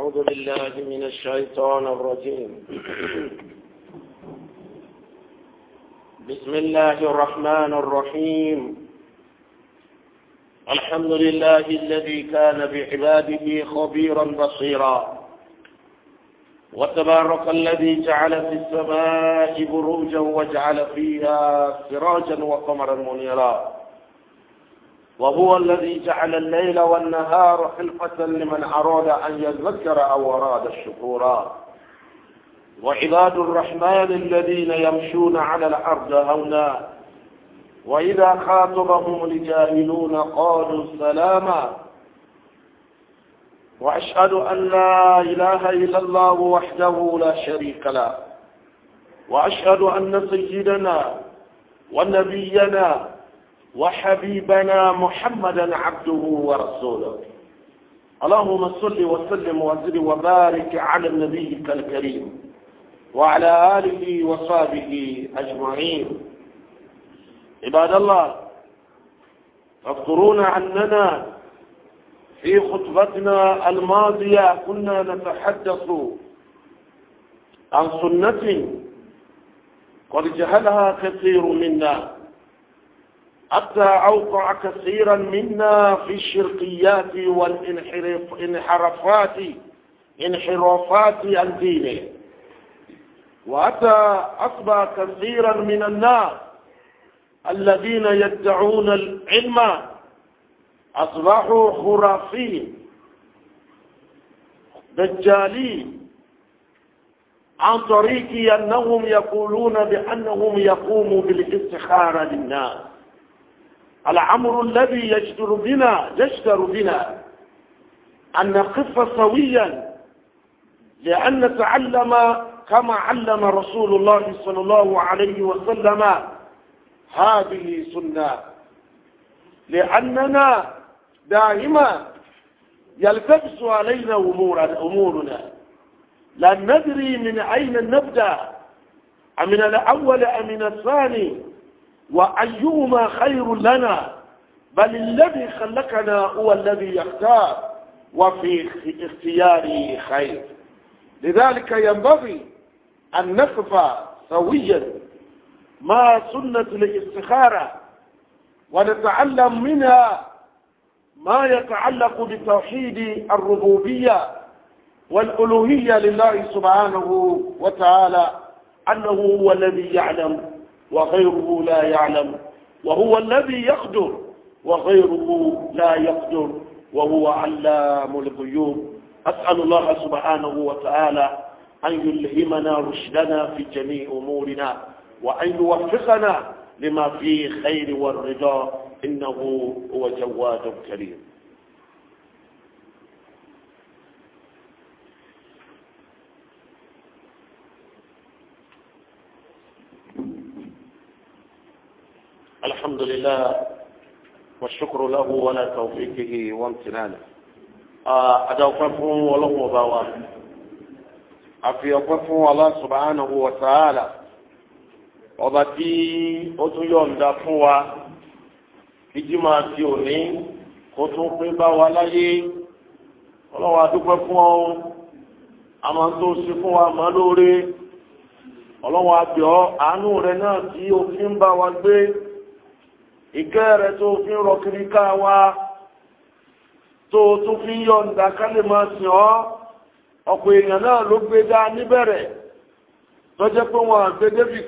أعوذ بالله من الشيطان الرجيم بسم الله الرحمن الرحيم الحمد لله الذي كان بعباده خبيرا بصيرا وتبارك الذي جعل في السماء بروجا وجعل فيها سراجا وقمرا منيرا وهو الذي جعل الليل والنهار حلقة لمن أراد أن يذكر أو أراد الشكورا وعباد الرحمن الذين يمشون على الأرض هونا وإذا خاطبهم الجاهلون قالوا سلاما وأشهد أن لا إله إلا الله وحده لا شريك له وأشهد أن سيدنا ونبينا وحبيبنا محمدا عبده ورسوله اللهم صل وسلم وزد وبارك على النبي الكريم وعلى آله وصحبه أجمعين عباد الله تذكرون أننا في خطبتنا الماضية كنا نتحدث عن سنة قد جهلها كثير منا حتى أوقع كثيرا منا في الشرقيات والانحرافات انحرافات الدين وأتى أصبح كثيرا من الناس الذين يدعون العلم أصبحوا خرافين دجالين عن طريق أنهم يقولون بأنهم يقوموا بالاستخارة للناس الأمر الذي يجدر بنا يجدر بنا أن نقف سويا لأن نتعلم كما علم رسول الله صلى الله عليه وسلم هذه سنة لأننا دائما يلتبس علينا أمورنا لا ندري من أين نبدأ أمن الأول أمن الثاني وأيهما خير لنا بل الذي خلقنا هو الذي يختار وفي اختياره خير لذلك ينبغي أن نقف سويا ما سنة الاستخارة ونتعلم منها ما يتعلق بتوحيد الربوبية والألوهية لله سبحانه وتعالى أنه هو الذي يعلم وغيره لا يعلم وهو الذي يقدر وغيره لا يقدر وهو علام الغيوب أسأل الله سبحانه وتعالى أن يلهمنا رشدنا في جميع أمورنا وأن يوفقنا لما فيه خير والرضا إنه هو جواد كريم لله والشكر له ولا توفيقه وامتنانه أدوقف وله وبوان أفي أقف الله سبحانه وتعالى وبتي أتيون دفوا ìjímọ̀ àti òní kó tún pé bá wa láyé ọlọ́wà dúpẹ́ fún ọ àmọ́ tó ṣe fún wa mọ́ lóore ọlọ́wà àbíọ́ àánú rẹ náà tí o fi ń bá wa gbé ike rẹ̀ tó fi ń ká wa tó tún fi ń yọ̀ǹda máa sìn ọ́ ọ̀pọ̀ èèyàn náà ló gbé dá níbẹ̀rẹ̀ tó jẹ́ pé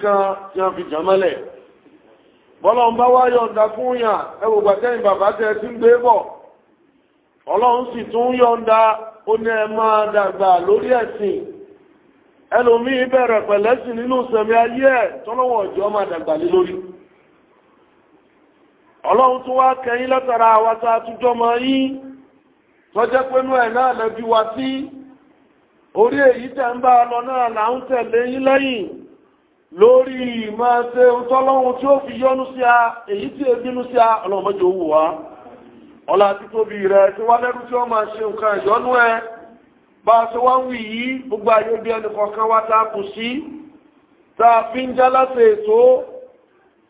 kan tí wọ́n fi jàmọ́lẹ̀ bọ́lọ́n bá wá fún yàn bàbá tẹ́ ti ń gbé bọ̀ ọlọ́run sì tún yọ̀ǹda ó ní ẹ máa dàgbà lórí ẹ̀sìn ẹlòmíín bẹ̀rẹ̀ pẹ̀lẹ́sìn nínú sẹ̀mí ayé ẹ̀ tọ́lọ́wọ̀ ọjọ́ máa dàgbà lé lórí ọlọ́run tó wá kẹyìn látara àwa tá a tún jọmọ yín tọ́jẹ́ pé ẹ̀ náà wá sí orí èyí tẹ̀ ń bá a lọ náà là ń tẹ̀lé yí lẹ́yìn lórí ìmọ̀ ṣe tí ó fi yọnu sí a èyí tí sí a ọlá tóbi rẹ̀ tí wá lẹ́rú tí ó máa gbogbo bí ẹnì kọ̀ọ̀kan wá tá a kù sí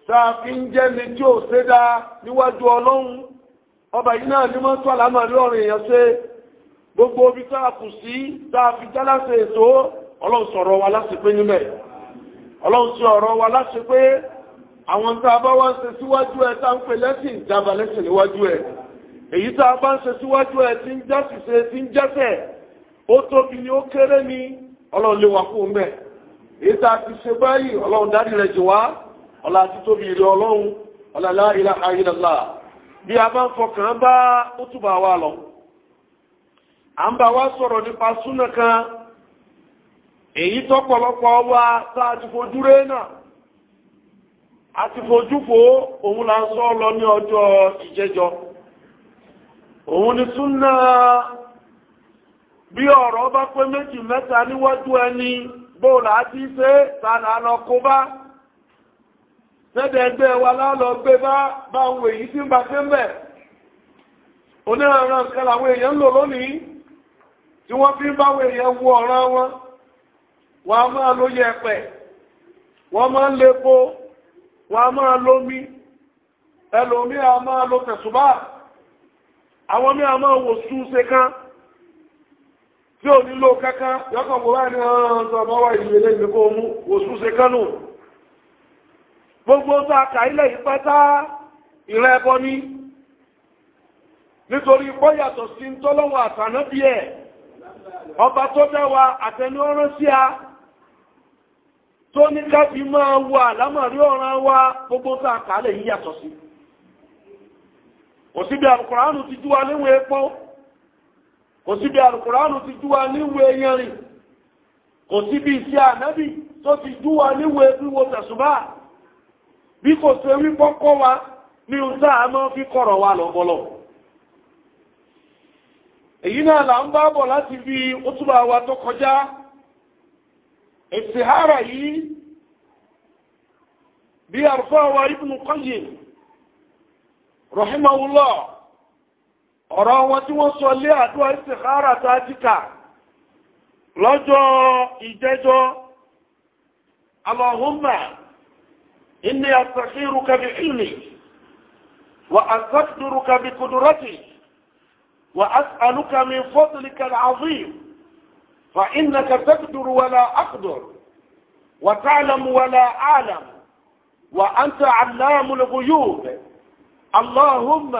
sáàfin jẹ́ ni tí ò ṣe dá níwájú ọlọ́run ọba yìí náà ní mọ́ tó àlámọ̀rí ọ̀rọ̀ èèyàn ṣe gbogbo obi tá a kù sí sáàfin jálásẹ̀ ètò ọlọ́run sọ̀rọ̀ wa láti pé níbẹ̀ ọlọ́run sí ọ̀rọ̀ wa láti pé àwọn tá a bá wá ń ṣe síwájú tá ń pè lẹ́sìn ìjábà lẹ́sìn níwájú èyí tá a bá ń ṣe síwájú ń jásìṣe ń jẹ́sẹ̀ ó tóbi ni ó kéré ni ọlọ́run fún un bẹ́ẹ̀ èyí tá a ti ṣe báyìí ọlọ́run dárí rẹ̀ jù wá ọlá tóbi ìrẹ ọlọ́run ọlọ́lá ilá ayélujá bí a bá ń fọkàn bá ó túbà wá lọ a ń bá wá sọ̀rọ̀ nípa súnà kan èyí tọ́pọ̀lọpọ̀ wa tá ti fojú rẹ̀ náà a ti fojú fò òun la ń sọ lọ ní ọjọ́ ìjẹjọ òun ni súnà bí ọ̀rọ̀ bá méjì mẹ́ta níwájú ẹni bóòlà á ti ṣe lẹ́dẹ̀ ẹgbẹ́ wa lálọ gbé bá àwọn èyí tí ń bá tẹ́ mẹ́ oníranran kan làwọn èèyàn lò lónìí tí wọ́n fi ń bá àwọn èèyàn wo ọ̀ràn wọn wọ́n a máa lo yẹ̀pẹ̀ wọ́n máa ń lepo wọ́n a máa lómi ẹlòmí a máa lo tẹ̀sùbá àwọn mí a máa wò súnṣe kan tí ò nílò kankan yọ́kàn wò wá ní ọ̀rọ̀ ọ̀sán ọmọ ìlú gbogbo tó aka ilẹ̀ ìpátá ìrẹ́ ẹbọ ní nítorí pọ́yàtọ̀ sí ń tọ́lọ́wọ́ bí ọba tó dáwà àtẹni sí a tó ní káfí máa wà lámàrí ọ̀ràn wa gbogbo tó aka ilẹ̀ yìí sí kò síbi àrùkùránù ti dúwa níwé epo kò síbi àrùkùránù ti kò síbi ìsí ànábì tó ti biko kò tó ewì pọ́kọ́ wa ní ọjọ́ fi kọrọ wa lọbọlọ. bọ́lọ̀ èyí náà là ń bá bọ̀ láti fi ótúbà wa tó kọjá ìtìhárà yìí bí àrùfọ́ wa Ibn Qayyim rahimahullah ọ̀rọ̀ wọn tí wọ́n sọ lé àdúrà ìtìhárà tàjíkà lọ́jọ́ ìjẹjọ́ Allahumma إني أستخيرك بعلمي وأستقدرك بقدرتي وأسألك من فضلك العظيم فإنك تقدر ولا أقدر وتعلم ولا أعلم وأنت علام الغيوب اللهم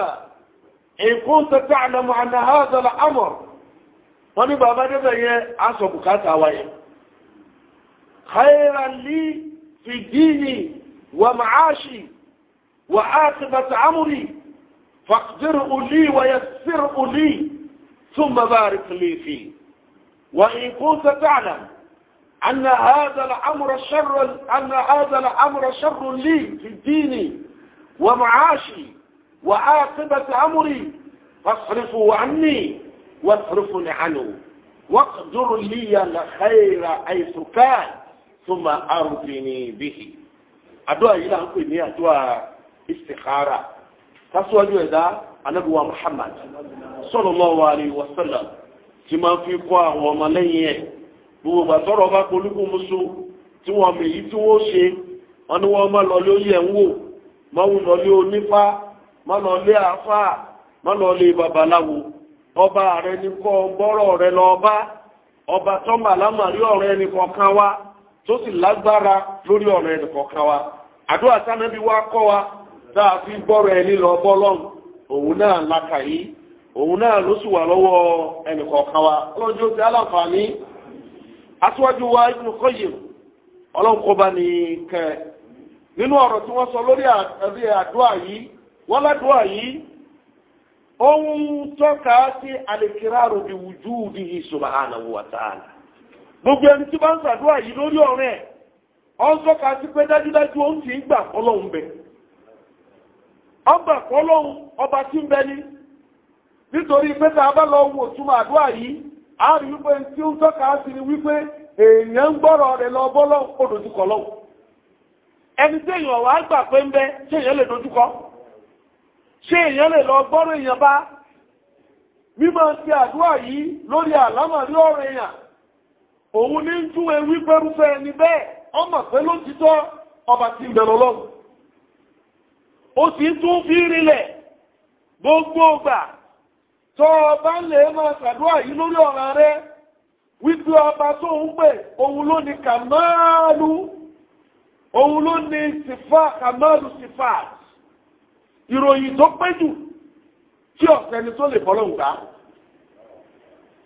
إن كنت تعلم أن هذا الأمر ونبقى بدأ أسوكك خيرا لي في ديني ومعاشي وعاقبة أمري فاقدره لي ويسره لي ثم بارك لي فيه وإن كنت تعلم أن هذا الأمر شر أن هذا الأمر شر لي في ديني ومعاشي وعاقبة أمري فاصرفه عني واصرفني عنه واقدر لي الخير حيث كان ثم أرضني به àdúrà yìí là ń pè ní àdúrà istikhara tásíwájú ẹ̀dá anábíwá Muhammad sallallahu alaihi wasallam tí máa fi kọ́ àwọn ọmọlẹ́yìn ẹ̀ gbogbo gbàtọ́rọ̀ bá polúkú musu tí wọ́n mèyí tí wọ́n ṣe wọ́n ní wọ́n má lọ lé oyè ń wò má wù lọ lé onífá má lọ lé àáfà má babaláwo ọba rẹ ní kọ́ gbọ́rọ̀ rẹ lọ ọba tọ́mbà lámàrí ọ̀rẹ́ ẹnì kọ̀ọ̀kan wá tó sì lágbára lórí ọ̀rọ̀ ẹnìkọ̀ọ̀kan wa àdúrà sánẹ́bí wa kọ́ wa tá a fi gbọ́rọ̀ ẹni lọ bọ́lọ́n òun náà lákà yìí òun náà ló sì wà lọ́wọ́ ẹnìkọ̀ọ̀kan wa ọlọ́jọ́ ti aláǹfààní aṣíwájú wa Ibn Qayyim ọlọ́nkọba ní kẹ nínú ọ̀rọ̀ tí wọ́n sọ lórí àdúrà yìí wọ́n ládùúrà yìí ó tọ́ka sí al-iqraru bi wujudihi subhanahu wa ta'ala gbogbo ẹni tí bá ń sàdúrà yìí lórí ọ̀rẹ́ ẹ̀ ọ́n sí pé dájúdájú ó ń ti gbà ọlọ́run bẹ̀ ọgbà ọlọ́run ọba tí ń bẹ ní nítorí pé tá a bá lọ wo túmọ̀ àdúrà yìí a rí wípé tí ó ń sí ni wípé èèyàn ń gbọ́rọ̀ rẹ̀ lọ bọ́lọ́ kó òun ní ń jú ewí pẹ́rúfẹ́ ẹni bẹ́ẹ̀ ọmọ pé ló ti tọ́ ọba ti bẹ̀rẹ̀ lọ́wọ́ ó sì tún fi rinlẹ̀ gbogbo ọgbà tọ́ ọba lè máa ṣàdúrà yìí lórí ọ̀ràn rẹ wípé ọba tó ń pè òun ló ní kàmáàlú òun ló ní sífà kàmáàlú sífà ìròyìn tó pé jù tí ọ̀sẹ̀ ni tó lè fọlọ́ǹkà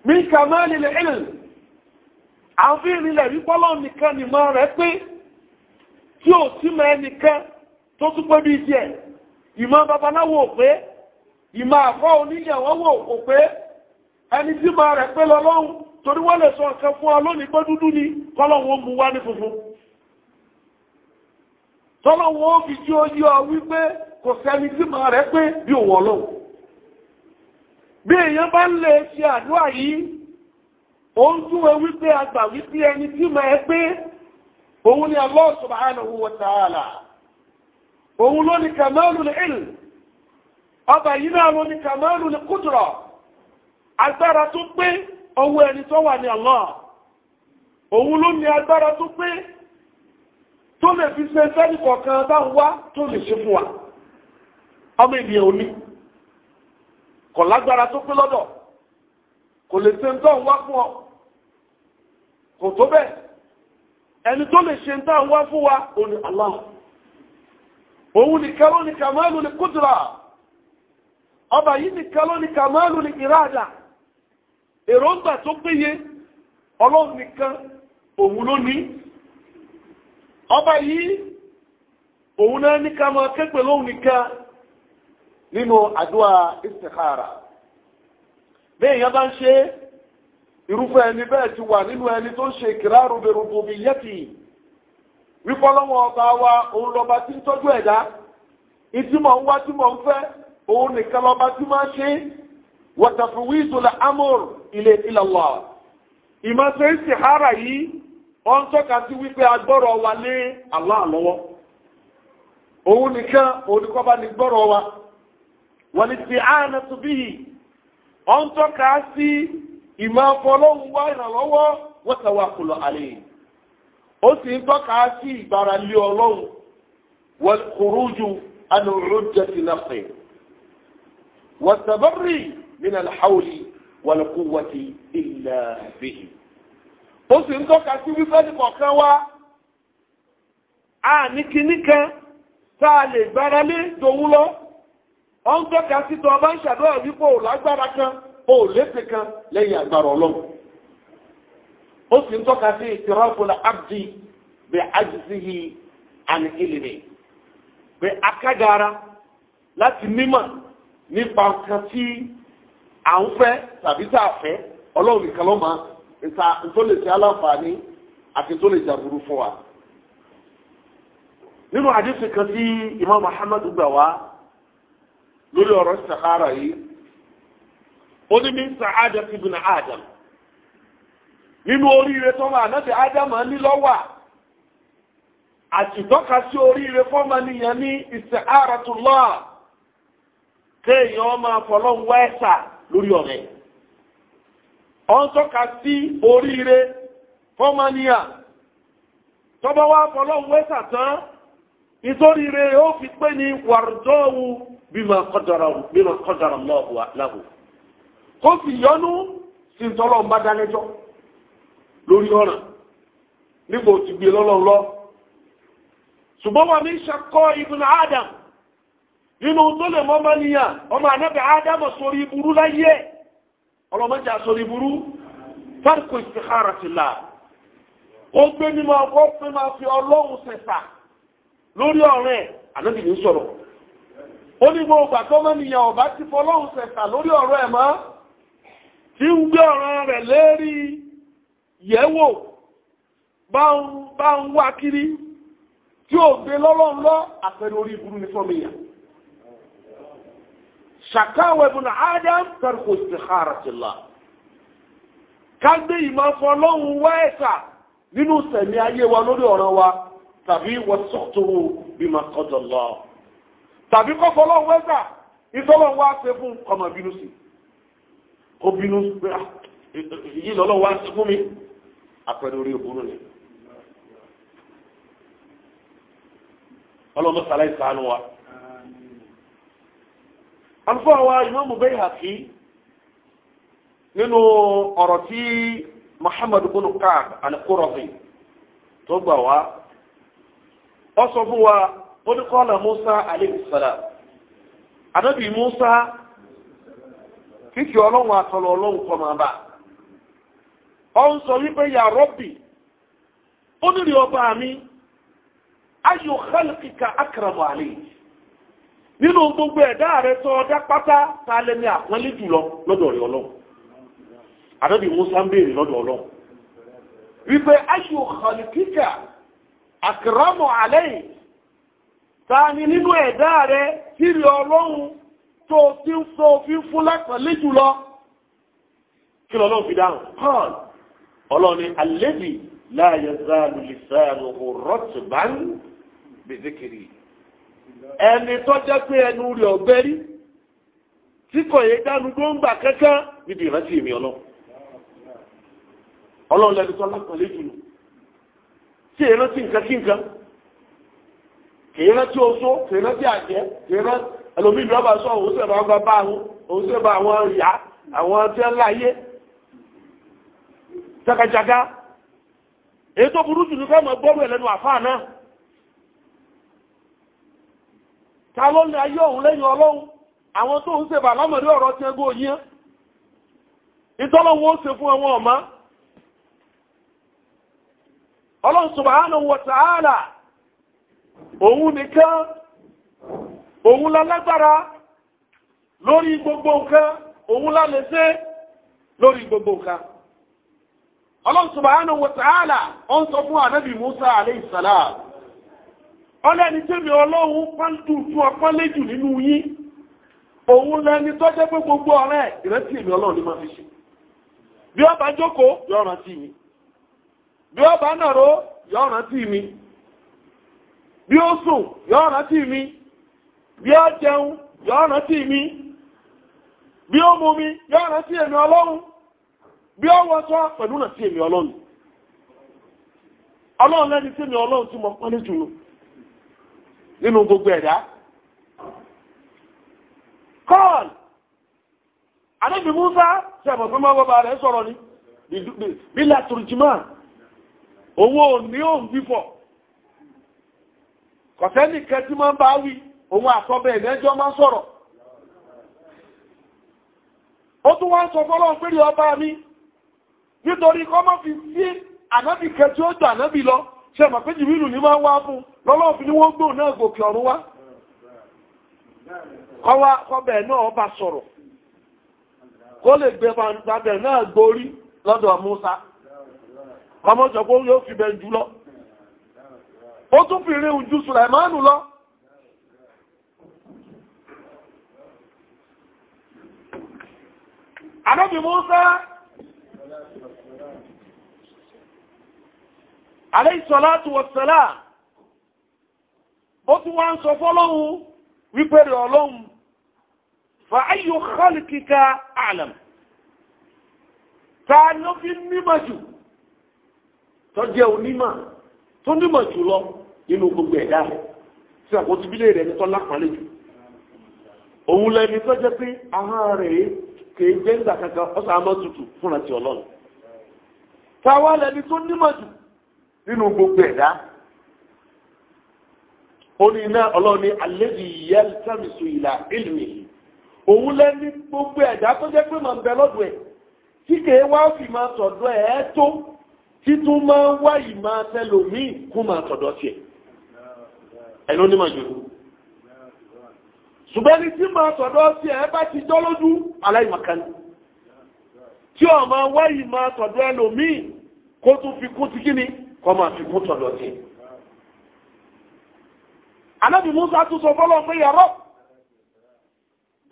min kàmáàlú ilẹ̀ ilẹ̀ àwọn ilẹ̀ rí bọ́lọ́ nìkan ni mọ́ rẹ̀ pé tí ò sí mẹ́ nìkan tó tún bí i jẹ́ ìmọ̀ babaláwo pé ìmọ̀ àkọ́ oníyẹ̀wọ́wọ́ ò pé ẹni tí rẹ̀ pé lọ́lọ́run torí wọ́n lè sọ ọ̀kan fún ọ ni òun túnwẹ̀ wípé àgbà wípé ẹni tí ma ẹ pé òun ni Allah subhanahu wa ta'ala òun ló ní ala owu ọba yìí náà ló ní kamalul qudrah agbára tó pé ọwọ́ ẹni tó wà ní Allah òun ló ní agbára tó pé tó lè fi ṣe sẹ́ni kọ̀ọ̀kan bá wá tó lè ṣe fún wa ọmọ ènìyàn ò ní tó pé lọ́dọ̀ kò lè ṣe ń kò tó ẹni tó lè ṣe tá wá fún wa Allah òun nìkan ló ní kàmáàlù ní kúdùrà ọba yìí nìkan ló ní kàmáàlù ní ìrádà èròǹgbà tó péye ọlọ́run nìkan òun ló ní ọba yìí òun náà ní ká máa lóhun nìkan nínú àdúrà istikhara bẹ́ẹ̀ yẹn bá ń ṣe irúfẹ́ ẹni bẹ́ẹ̀ ti wà nínú ẹni tó ṣe ìkìláàrù bẹ̀rù bòbí yẹ́tì wípọ́ lọ́wọ́ ọba wa òun lọ́ba tí ń tọ́jú ẹ̀dá ìtí mọ̀ ń wá tí mọ̀ ń fẹ́ òun nìkan lọ́ba tí máa ṣe wọ̀tàfùwí ìtòlá amúr ilé ìlàlọ́ ìmọ̀ṣe ìsìhára yìí wọ́n tọ́ka sí wípé agbọ́rọ̀ wa lé Allah lọ́wọ́ òun nìkan olùkọ́ba ní gbọ́rọ̀ wa wọ́n ti àánà tó bí yìí wọ́n tọ́ka sí ìmọ̀ ọlọ́run wá ìrànlọ́wọ́ wọ́tàwà kùlọ àlẹ́ ó sì ń tọ́ka sí ìgbára lé ọlọ́run wọ́n kúrú ju anúrú jẹ́ ti lọ́fẹ̀ wọ́n tàbárì nínú àlàáwòlì wọ́n kú wọ́tí ilẹ̀ bíi ó sì ń tọ́ka sí wípé ní kọ̀ọ̀kan wá a tá a lè gbára lé dòun lọ ó ń tọ́ka sí tó ọba ń ṣàdúrà wípé ò kan o lépè kan lẹ́yìn agbára ọlọ́run ó sì ń tọ́ka sí ìtìrọ́pùlà abdi bẹ ajizihi àni ìlìlì bẹ akágara láti mímọ̀ nípa nǹkan tí à ń fẹ́ tàbí tá a fẹ́ ọlọ́run nìkan ló máa nta tó lè ṣe aláǹfààní àti tó lè jàbúrú fún wa nínú àdéhùn kan tí imam muhammadu gbà wá lórí ọ̀rọ̀ istikhara yìí ó ní min sa'adat Adam nínú oríire tó náà adama ní lọ́wà àti sí oríire fọ́mà nìyẹn ní isti'aratullah kéèyàn máa fọlọ́n wẹ́ẹ̀sà lórí ọ̀rẹ́ ọ sí oríire fọ́mà nìyẹn tọ́bọ́ wá fọlọ́n wẹ́ẹ̀sà tán ó fi pé ní bima kó sì yọnú sí tọ́lọ̀ ń bá dálẹ́jọ́ lórí ọ̀ràn nígbà gbé lọ́lọ́run lọ ṣùgbọ́n wà ní ṣakọ́ ibùn Adam nínú tó lè mọ́mọ́ ọmọ anábẹ̀ Adam sórí buru láyé ọlọ́mọjà sórí burú fárkù ìsìkára ti là ó gbé nínú pé máa fi ọlọ́run sẹ̀sà lórí anábì ní sọ̀rọ̀ ó ní gbogbo àtọ́mọ́ tí ń gbé ọ̀ràn rẹ̀ lérí yẹ̀wò bá ń wá kiri tí ó gbé lọ́lọ́run lọ àpẹẹrẹ orí ìbúrú ní fọ́mìyà ṣàkáwẹ̀ bùn adam tàrkò ìsìkára ti lá kágbé ìmọ̀ fọlọ́run wá ẹ̀sà nínú sẹ̀mí ayé wa lórí ọ̀ràn wa tàbí wọ́sọ̀tòwò bí ma kọjọ lọ tàbí kọ́fọ́lọ́run wẹ́sà ìtọ́lọ́run wá ṣe fún ọmọ ìbínú sí i ó bínú pé ah, yìí lọ́lọ́ wá sí fún mi àpẹẹrẹ orí òbúrú ni. ọlọ́run sàlẹ̀ ìsànù wa. àlùfáà wa ìmáàmù Bayhaqi nínú ọ̀rọ̀ tí Muhammad bin Ka'b al-Qurazi tó gbà wá ọ Musa alayhi salam Musa. kíkì ọlọ́run àtọ̀lọ̀ ọlọ́run kọ́ máa bá ọ ń sọ wípé yà rọ́bì ó nílì ọba mi ayò kálíkìkà akaramu àlè nínú gbogbo ẹ̀dá rẹ tó ọdá pátá ta lẹ́ni àpọ́nlé jùlọ lọ́dọ̀ rẹ ọlọ́run àdọ́bì musa ń béèrè lọ́dọ̀ ọlọ́run wípé ayò kálíkìkà akaramu àlè ta ni nínú ẹ̀dá rẹ tí ọlọ́run tó fi ń fún òfin fún lápẹ̀lẹ́ jùlọ kí lọ́lọ́ fi dáhùn hàn ọlọ́ni alẹ́bí láàyè záàlù lè sáàlù rọ́tù bá ń gbèdékiri ẹni tó jẹ́ pé ẹnu rẹ̀ ọ̀gbẹ́rí tí kò yé dánu tó ń gbà kankan níbi ìrántí èmi ọlọ́ ọlọ́run lẹ́nu tó lápẹ̀lẹ́ jùlọ tí èrántí nǹkan kí nǹkan kèérántí oṣó kèérántí àjẹ́ kèérántí ẹlòmí ìjọba sọ òun sì máa ń gba òun sì àwọn ìyá àwọn tí láyé jagajaga èyí tó burú jù ní kọ́ mọ̀ gbọ́rù àfáà náà ta ló ní ayé òun lẹ́yìn ọlọ́run àwọn tó ń ọ̀rọ̀ ẹgbẹ́ òyìn ìtọ́lọ́wọ́ ṣe fún ẹwọn ọ̀má ọlọ́run òun nìkan òun la lágbára lórí gbogbo nǹkan òun la lórí gbogbo nǹkan Allah subhanahu wa sọ fún Musa alayhi salam ọlẹ́ni tẹ́mi ọlọ́run pàǹtù fún ọpọ́lẹ́jù nínú yín òun yi tó jẹ́ pé gbogbo ọ̀rẹ́ mi ọlọ́run fi ṣe bí bá jókòó yọ mi bí bá nàró yọ mi bí ó sùn bí ó jẹun yóò rántí mi bí ó mú mi yóò rántí èmi ọlọ́run bí ó wọ́sọ́ pẹ̀lú rántí èmi ọlọ́run ọlọ́run lẹ́ni tí si ọlọ́run tí mo pọ́lé jùlọ nínú gbogbo ẹ̀dá kọ́ọ̀lù àdébì Músá sẹ́mọ̀ fún mọ́ rẹ̀ sọ̀rọ̀ ni bí látùrùjìmá owó ní òun fífọ̀ kọ̀tẹ́nì kẹtí máa bá òun àtọ́bẹ̀ ìmẹ́jọ́ máa sọ̀rọ̀ ó tún wá ń sọ fọ́lọ́ pẹ́rẹ ọba mi nítorí kọ́ mọ́ fi sí ànábì kẹtí ó jọ ànábì lọ ṣe mọ̀ pé jìbìlù ní máa wá fún lọ́lọ́ fi ní wọ́n gbò náà gòkè ọ̀run wá kọ́wá kọ́bẹ̀ náà ọba sọ̀rọ̀ kó lè gbé bàbẹ̀ náà gborí lọ́dọ̀ Musa ọmọ ìjọba yóò fi bẹ̀ jù Ànábì Mùsá aléìsọ̀látù wọ̀sẹ̀lá ó tún wá ń sọ fọ́lọ́hun wípé rẹ̀ ọlọ́hun fa ayò kọlùkíká àlàm ta ló fi nímọ̀ jù tó jẹ́ onímọ̀ tó nímọ̀ jù lọ nínú gbogbo ẹ̀dá tí àkótí bílé rẹ̀ ní tọ́lá pàlẹ́ jù òun lẹ́ni tó jẹ́ pé ahọ́n rẹ̀ kèé jẹ́ ìgbà kankan ọ̀sà àmọ́ tutù fúnra ti ọlọ́run táwa lẹni tó nímọ̀ jù nínú gbogbo ẹ̀dá ó ní iná ọlọ́run ní alẹ́bí ìyá sàmìsù ìlà ìlú yìí òun lẹ́ni gbogbo ẹ̀dá tó jẹ́ pé màá ń bẹ lọ́dọ̀ ẹ̀ tí kèé wá fi máa tọ̀dọ̀ ẹ̀ tó títún máa wá ìmáa tẹlòmíì kú máa tọ̀dọ̀ tiẹ̀ ẹ̀ ló nímọ̀ jù ṣùgbọ́n ní tí máa tọ̀dọ̀ sí ẹ bá ti jọ́ lójú aláìmọ̀kan tí ọ máa wáyìí máa tọ̀dọ̀ ẹlòmíì kó tún fi kún ti kíni kọ́ máa fi kún tọ̀dọ̀ Musa tún sọ fọ́lọ́ pé yàrá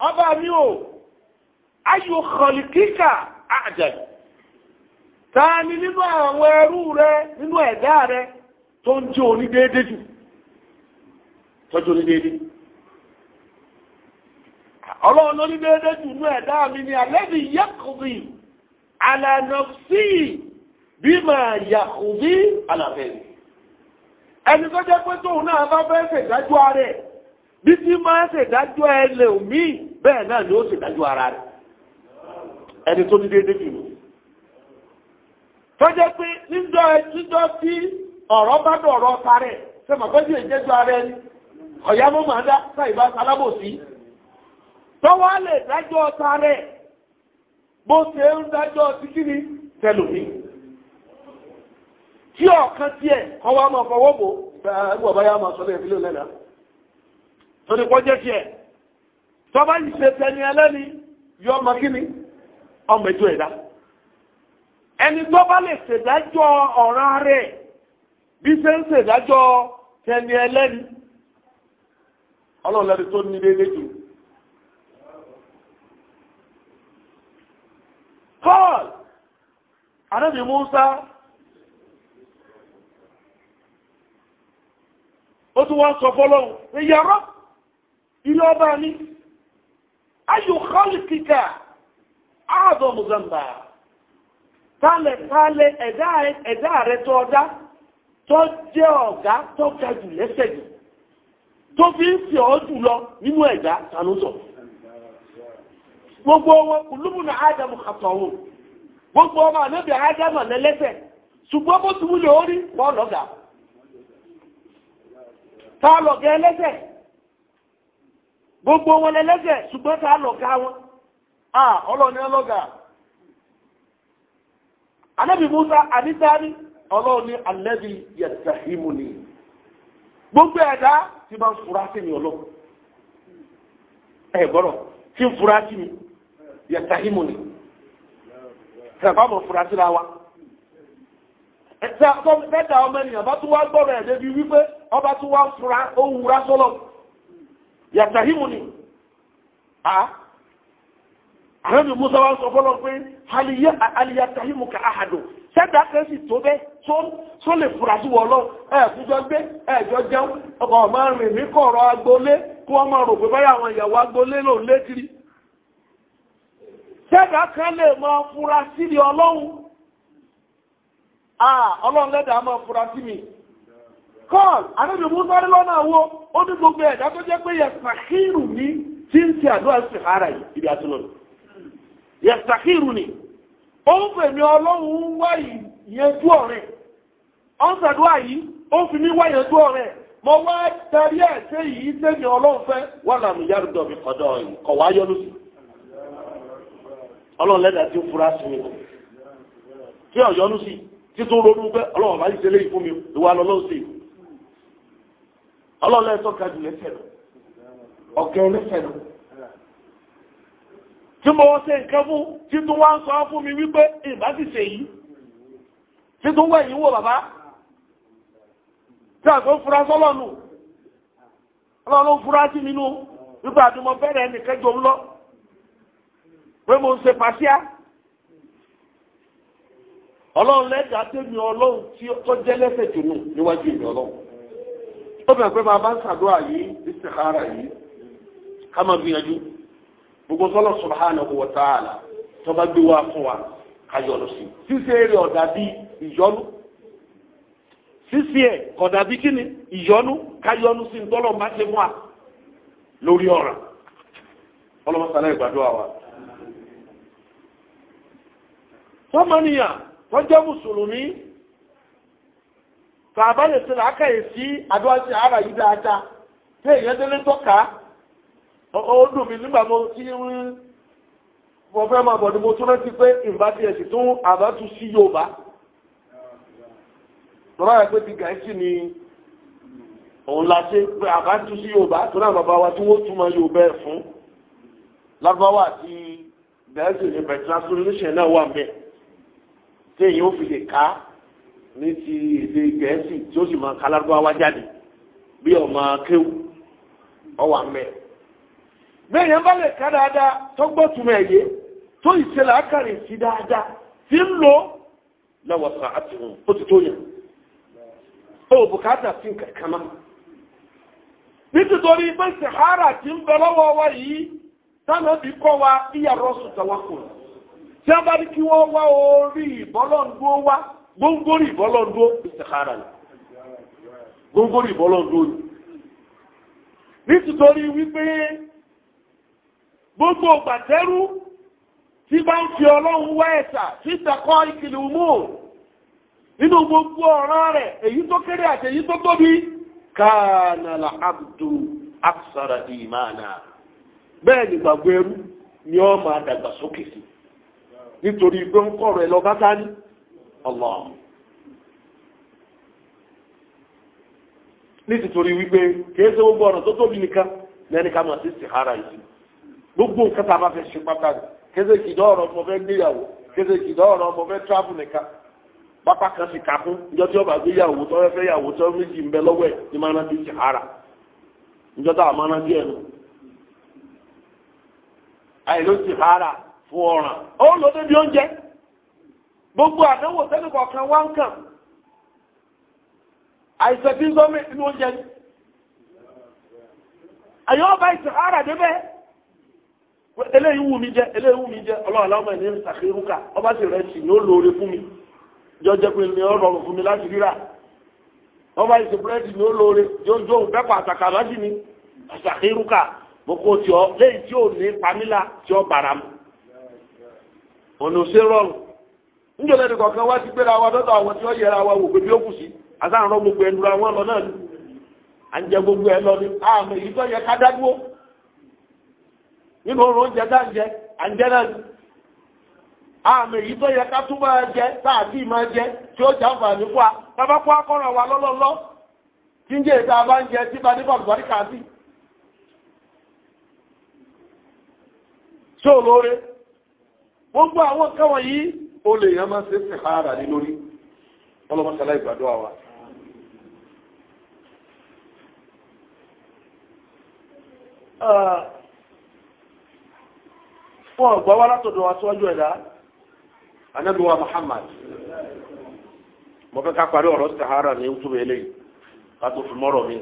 ọba mi ò ayò kọ̀lìkíkà àjẹ́ ta ni nínú àwọn ẹrú rẹ nínú ẹ̀dá rẹ tó ń ọlọ́run ló ní déédé jùlọ ẹ̀dá mi ni alẹ́bí yẹ́kùnrí alànàfsí bí máa yàkùnrí alàfẹ́rí ẹni tó jẹ́ pé tóun náà bá fẹ́ ṣèdájọ́ ààrẹ bí tí máa ṣèdájọ́ ẹlẹ́ òmí bẹ́ẹ̀ náà ni ó ṣèdájọ́ ara rẹ̀ ẹni tó ní déédé jùlọ tó jẹ́ pé níjọ́ tí ọ̀rọ̀ bá dọ̀rọ̀ parẹ́ sẹ́mọ̀ pé tí èjẹ́jọ́ ààrẹ ọ̀yá mọ́ tó wá lè dájọ́ ọta rẹ̀ bó ṣe ń dájọ́ ti kí ni tẹlùmí tí ọ̀kan tí ẹ̀ ọwọ́ a máa fọwọ́ bò ẹgbẹ́ ọba yá máa sọ lẹ́yìn fílẹ̀ lẹ́nà torí kọ́ jẹ́ tí ẹ̀ tó bá yìí ṣe tẹni ẹlẹ́ni yọ ọmọ kí ni ọmọ ẹjọ́ ẹ̀dá ẹni tó bá lè ṣèdájọ́ ọ̀ràn rẹ̀ bí ṣe ń ṣèdájọ́ tẹni ẹlẹ́ni ọlọ́run lẹ́ni tó ní déédéé jù Ànábì Musa ó tún wọ́n sọ fọ́lọ́hùn pé yàrá ilé ọba ní ayò kọ́lìkìkà ààbọ̀ mùsànbà tálẹ̀tálẹ̀ ẹ̀dá rẹ̀ tó ọdá tó jẹ́ ọ̀gá tó ga jù lẹ́sẹ̀ jù tó fi ń fi ọ́ jù lọ nínú ẹ̀dá tanúsọ̀ gbogbo wọn kùlùmùnà ádámù kàtọ̀ọ̀hùn gbogbo ọmọ ànábì ádámà lẹ́lẹ́sẹ̀ ṣùgbọ́n bó ti wúlò orí wọ́n lọ́gà tá a lọ̀gá ẹlẹ́sẹ̀ gbogbo wọn lẹ́lẹ́sẹ̀ ṣùgbọ́n tá a lọ̀gá wọn à ọlọ́ni ọlọ́gà ànábì Musa àdísáárí ọlọ́ni ànábì yẹ̀sàhímù ni gbogbo ẹ̀dá ti máa ń fura sí mi ọlọ́ ẹ̀ gbọ́dọ̀ tí ń fura sí mi yẹ̀sàhímù ni. ẹ̀fọ́ mọ̀ fura síra wa ẹ̀dá ọmọ ènìyàn bá tún wá gbọ́rọ̀ ẹ̀ débi wípé ọba tún wá fura ó wura sọ́lọ̀ yàtà hímù ni àrẹ́bì musa wá sọ fọ́lọ́ pé aliyata hímù ka àhàdù sẹ́dá kan sì tó bẹ́ tó lè fura sí wọ́lọ́ ẹ̀ẹ́dújọ́ gbé ẹ̀ẹ́dọ́ jẹun ọkọ̀ ọmọ rìn ní kọ̀ọ̀rọ̀ agboolé kí wọ́n máa rò pé báyà àwọn ìyàwó agboolé lòún lé kiri kẹ́dà kan lè máa ah ọlọ́run lẹ́dà máa mi kọ́ọ̀lù anábì musa rí lọ́nà wo ó ní gbogbo ẹ̀dá tó jẹ́ pé tí ń ti ara yìí ibi yẹ̀sàkírù ní ó ń fèmí ọlọ́run wá ọ̀rẹ́ yìí ó fi mí wá ọ̀rẹ́ mo wá yìí ọlọ́run fẹ́ yàrá ọlọ́run lẹ́dà tí ó fura sí mi tí ọ̀yọ́nú sí títún ronú pé ọlọ́run bá yìí ṣe léyìí fún mi ìwà lọ́lọ́run sí ọlọ́run lẹ́tọ́ ka jù lẹ́sẹ̀ lọ ọ̀kẹ́ lẹ́sẹ̀ lọ tí mo wọ́n ṣe nǹkan fún títún wá ń sọ fún mi wípé ìbá sì ṣe yìí títún wẹ̀ yìí wò bàbá tí àgbẹ̀ fura sọ́lọ́nù ọlọ́run fura sí mi nú wípé àdúmọ̀ bẹ̀rẹ̀ ẹnìkẹ́jọ ń lọ pé mo ń ṣe pàṣíà ọlọ́run lẹ́jà tèmi ọlọ́run tí ó jẹ́ lẹ́sẹ̀ jùlọ níwájú ìlú ọlọ́run ó bẹ̀rẹ̀ pé máa bá ń ṣàdúrà yìí istikhara yìí ká máa gbìyànjú gbogbo tọ́lọ̀ subhanahu wa ta'ala tó bá gbé wá fún wa ká yọ̀nù sí ṣíṣe eré ọ̀dà bíi ìyọnu ṣíṣe ẹ̀ ọ̀dà bíi kíni ìyọnu ká yọ̀nù sí tọ́lọ̀ máa ṣe fún wa lórí ọ̀ràn ọlọ́mọ sálẹ̀ ìgbàdúrà wa. tọ́mọ́nìyàn tó jẹ́ mùsùlùmí tàbá lè sílẹ̀ ákàyè sí àdúwàsí ara yìí dáadáa tí èyàn délé tọ́ka ó dùn mí nígbà mo tí mo fẹ́ máa bọ̀ ni mo tún rántí pé ìbátí ẹ̀sìn tún àbá tún sí Yorùbá tọ́lá rẹ̀ pé ti gàísì ni òun la ṣe pé àbá tún sí Yorùbá tó náà bàbá wa tí wọ́n túmọ̀ Yorùbá ẹ̀ fún lágbáwá àti gàísì ni bẹ̀tẹ̀ translation náà wà mẹ́ẹ̀. téèyàn ó fi lè ká ní ti èdè gẹ̀ẹ́sì tí ó sì máa ka lárúbáwá jáde bí ọmọ kéwù ọwà mẹ́. bẹ́ẹ̀ yẹn bá lè ká dáadáa tọ́gbọ́ túmọ̀ ẹ̀yẹ tó ìṣẹ̀lẹ̀ àkàrà sí dáadáa tí ń lò lọ́wọ́ sàn àti hùn ó ti tó yàn. ó bùkátà sí nǹkan náà. nítorí bẹ́ẹ̀ sàhárà tí ń bẹ lọ́wọ́ wa yìí táwọn bí kọ́ wa ìyàrá ọ̀sùn tí a bá o kí wọ́n wá orí ìbọ́lọ́ndó wá góńgórì ndụ ìsèkára ni gbogbori ìbọ́lọ́ndó ni nítorí wípé gbogbo gbàtẹ́rú tí bá ń fi ọlọ́run wá ẹ̀sà tí ìtàkọ́ ìkìlì mú nínú gbogbo ọ̀ràn rẹ̀ èyí tó kéré àti èyí tó tóbi abdu aksara ìmáàna bẹ́ẹ̀ ẹrú ni ọ máa dàgbàsókè sí nítorí pé ń kọ̀rọ̀ ẹ̀ lọ ní Allah nítorí wípé kìí gbogbo ọ̀nà tó tóbi nìkan sí gbogbo nǹkan a bá fẹ́ ṣe pátá kéde kìdọ́ ọ̀rọ̀ mo fẹ́ gbéyàwó kéde kìdọ́ ọ̀rọ̀ mo fẹ́ tíráfù nìkan pápá kan sì fún ìjọ tí gbéyàwó tó fẹ́ tó méjì ń bẹ lọ́wọ́ ẹ̀ ní máa ìjọ tá a máa rántí ẹ̀ nù fún ọ̀ràn ó lò débi oúnjẹ gbogbo àdánwò tẹ́lẹ̀kọ̀ kan wá ń kàn àìsàn tí ń sọ mí inú oúnjẹ ni àyọ́ ọba ìsìn ara débẹ̀ eléyìí wù mí jẹ eléyìí wù mí jẹ ọlọ́run aláwọ̀ ẹ̀ ní sàkérúkà ọba sì rẹ̀ sì ní ó lóore fún mi jọjẹ pé ní ó rọrùn fún mi láti rírà ọba ìsìn búrẹ́dì ní ó lóore jọjọ òun pẹ́pọ̀ àtàkà láti ní sàkérúkà ọ̀nà òṣè rọrùn níjọba ẹnì kọ̀ọ̀kan wá ti wa dọ́dọ̀ àwọn tí wọ́n yẹra wa wò pé bí ó kù sí àtàrọ̀ gbogbo ẹnu wọn lọ náà gbogbo ẹ lọ ni àmọ́ èyí tó yẹ ká dádúró nínú oorun oúnjẹ tá ń jẹ à ń jẹ náà ni àmì èyí tó yẹ ká tún máa jẹ tààtì máa jẹ tí ó jà fà ní lọ́lọ́lọ́ tí ń ìta bá ń jẹ tí bá gbogbo àwọn káwọn yìí ó lè yàn máa ṣe sí ara ní lórí ọlọ́mọṣálá ìgbàdo àwa fún ọgbà wá látọ̀dọ̀ aṣọ́jú ẹ̀dá anábíwá Muhammad mo fẹ́ parí ọ̀rọ̀ sahara ní ìtúbẹ̀ eléyìí ká tó fi mọ́rọ̀ mi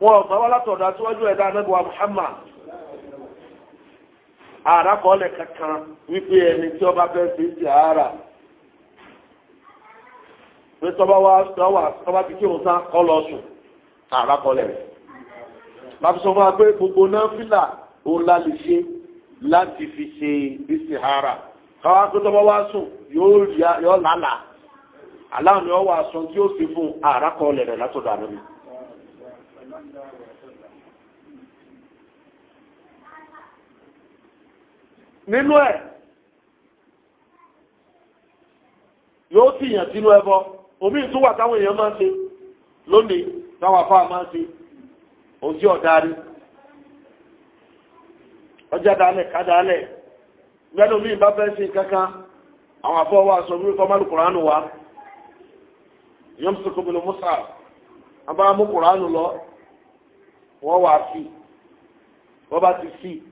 wọn ọgbà wá látọ̀dọ̀ ẹ̀dá anábíwá Muhammad àràkọọ́lẹ̀ kankan wípé ẹni tí ọba fẹ́ fi ti àárà pé tọ́ba wá tọ́wà tọ́ba ti kí òun tán kọ́ lọ sùn àràkọọ́lẹ̀ rẹ̀ láti sọ fún wa pé gbogbo náfìlà òun la lè ṣe láti fi ṣe ìsìnhara káwá pé tọ́ba wá sùn yóò lálàá aláwọn ni wọ́n wá sùn tí ó sì fún àràkọọ́lẹ̀ rẹ̀ látọ̀dọ̀ àná mi. nínú ẹ̀ yóò tí èèyàn sínú ẹbọ omi ìtúwà táwọn èèyàn máa ń ṣe lónìí táwọn afáà máa ń ṣe òun tí ọ̀darí ọjà dálẹ̀ kádálẹ̀ gbẹ́nu mi bá fẹ́ sí kankan àwọn afọ́wà sọ wí kọ́ málù kùránù wa yọm sọ kọ́bìnú musa abá mú kùránù lọ wọ́n wà sí wọ́n bá ti sí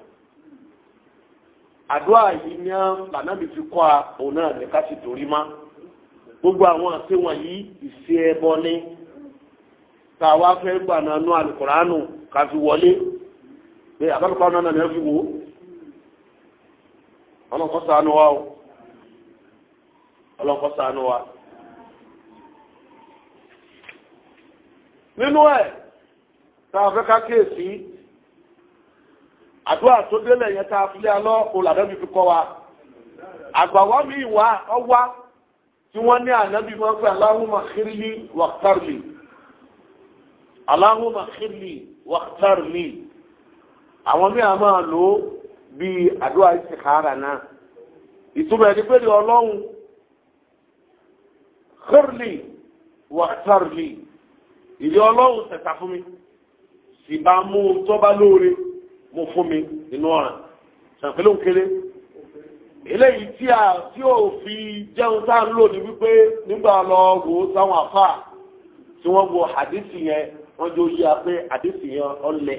àdúrà yìí ní lànàmì ti kọ́ a òun náà ní ká sì torí má gbogbo àwọn àti wọ̀nyí ìṣe ẹbọ ní tá a wá fẹ́ gbà náà nú alukóránù ká fi wọlé pé àbálùkọ́ náà náà ní wọ́n fi wò ọlọ́kọ́ sànú wa o ọlọ́kọ́ sànú wa. nínú ẹ̀ tá a fẹ́ ká kíyèsí àdúrà tó délẹ̀ yẹn tá a fi alọ́ olàdẹ́bí fi kọ́ wa àgbàwá mi wá ọwá tí wọ́n ní ànábì máa ń pè Allahumma khirli waqtarli Allahumma khirli waqtarli àwọn mi à máa lò ó bí àdúrà istikhara náà ìtumọ̀ ẹni pé ọlọ́run khirli waqtarli ìdí ọlọ́run tẹ̀ta fún mi sì bá mú tó lóore mo fún mi inú ọ̀ràn ṣàpèlè òkèrè eléyìí tí a tí ò fi jẹun tá a ń lò ní wípé nígbà lọ wò ó sáwọn afa tí wọ́n wo àdìsí yẹn wọ́n jọ yí a pé àdìsí yẹn ọlẹ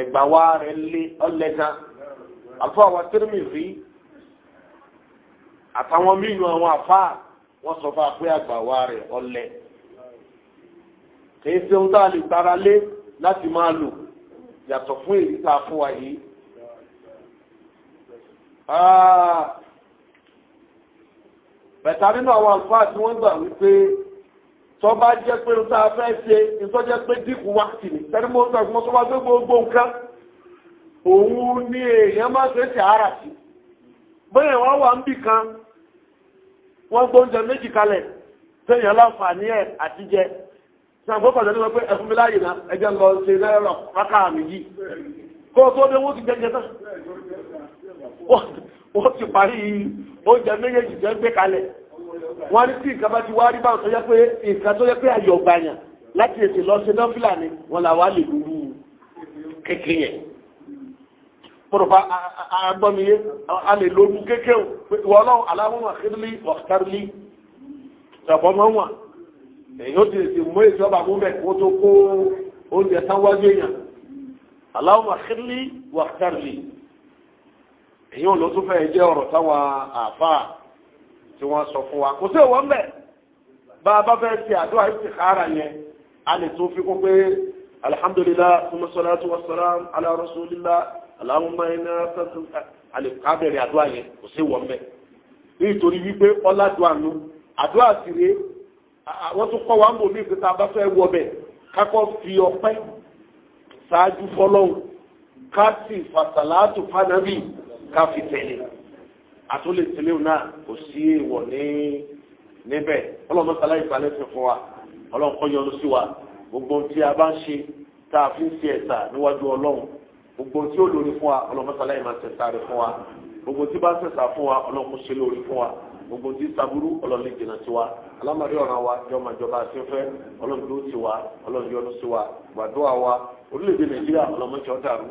ẹgbà wa rẹ lé ọlẹ gan àfọ àwọn Tirmidhi àtàwọn mímu àwọn afa wọ́n sọ fún apẹ́ àgbà wa rẹ ọlẹ kì í ṣe ohun tá a lè gbára lé láti máa lò yàtọ̀ fún èyí tá a fún wa yìí ah. bẹ̀tà nínú àwọn àlùfáà tí wọ́n gbà wípé tó bá jẹ́ pé ní sáà fẹ́ ṣe ìtọ́jẹ́ pé dínkù wákìtì ní tẹ́lẹ̀mọ́sọ́ ìfúnmọ́sọ́ wá pé gbogbo nǹkan òun ni èèyàn máa ṣe ṣe ara sí bẹ́ẹ̀ wọ́n wà ń bì kan wọ́n gbóúnjẹ méjì kalẹ̀ tẹ́yàn láǹfààní ẹ̀ àtijẹ ṣàǹfó pàtàkì wọn pé ẹ̀fún mi láàyè náà ẹjẹ́ lọ ṣe lẹ́rọ̀ rákà mi yìí kó o tó dé wọ́n ti jẹjẹ tán wọ́n ti parí oúnjẹ méjèèjì jẹ́ gbé kalẹ̀ wọ́n rí sí nǹkan bá ti wá rí báwọn tó yẹ pé nǹkan tó yẹ pé àyọ̀ gbàyàn láti ètè lọ ṣe náà fúlàní wọn là wá lè lúrú kékeré yẹn pọ̀rọ̀fà agbọ́miyé a lè lóògùn kékeré wọ́n náà aláwọ̀ àkérélé ọ̀kárélé èyí ó ti ti mú ìjọba mú bẹ̀ kó tó kó oúnjẹ sáwájú èèyàn Allahumma khirli wakhtarli èyí ò ló tún fẹ́ jẹ́ ọ̀rọ̀ táwọn àáfàá tí wọ́n sọ fún wa kò sí òwò ń bẹ̀ bá a bá fẹ́ ti àdúrà istikhara yẹn a lè tún fi kún pé alhamdulillah summa salatu wa salam ala rasulillah Allahumma iná sẹ́sùn àlèkábẹ̀rẹ̀ àdúrà yẹn kò sí òwò ń nítorí wípé ọlá dùn àánú àdúrà sì rèé wọ́n tún kọ́ wa ń bò ní ìpínlẹ̀ a bá fẹ́ wọ bẹ̀ kákọ́ fi ọpẹ́ ṣáájú fọlọ́hùn ká sì fàṣàlátù fànàbì ká fi tẹ̀lé àtúlẹ̀ tẹ̀lé náà kò sí èèwọ̀ ní níbẹ̀ ọlọ́mọ sálá ìsàlẹ̀ fi fún wa ọlọ́run kọ́ yọnu sí wa gbogbo tí a bá ń ṣe tá a fi ń ṣe ẹ̀sà níwájú ọlọ́run gbogbo tí ó lórí fún wa ọlọ́mọ sálá ìmọ̀ ṣẹ̀ṣà rẹ̀ fún wa gbogbo tí bá ń ṣẹ̀ṣà fún wa ọlọ́run ṣe lórí fún wa gbogbo tí saburu ọlọ́ni jìnnà sí wa alámọ̀rí ọ̀ràn wa jọmọ ìjọba afẹ́fẹ́ ọlọ́ni tó ti wa ọlọ́ni yọ́nú sí wa gbàdúrà wa orílẹ̀-èdè nàìjíríà ọlọ́mọ tí ó dàrú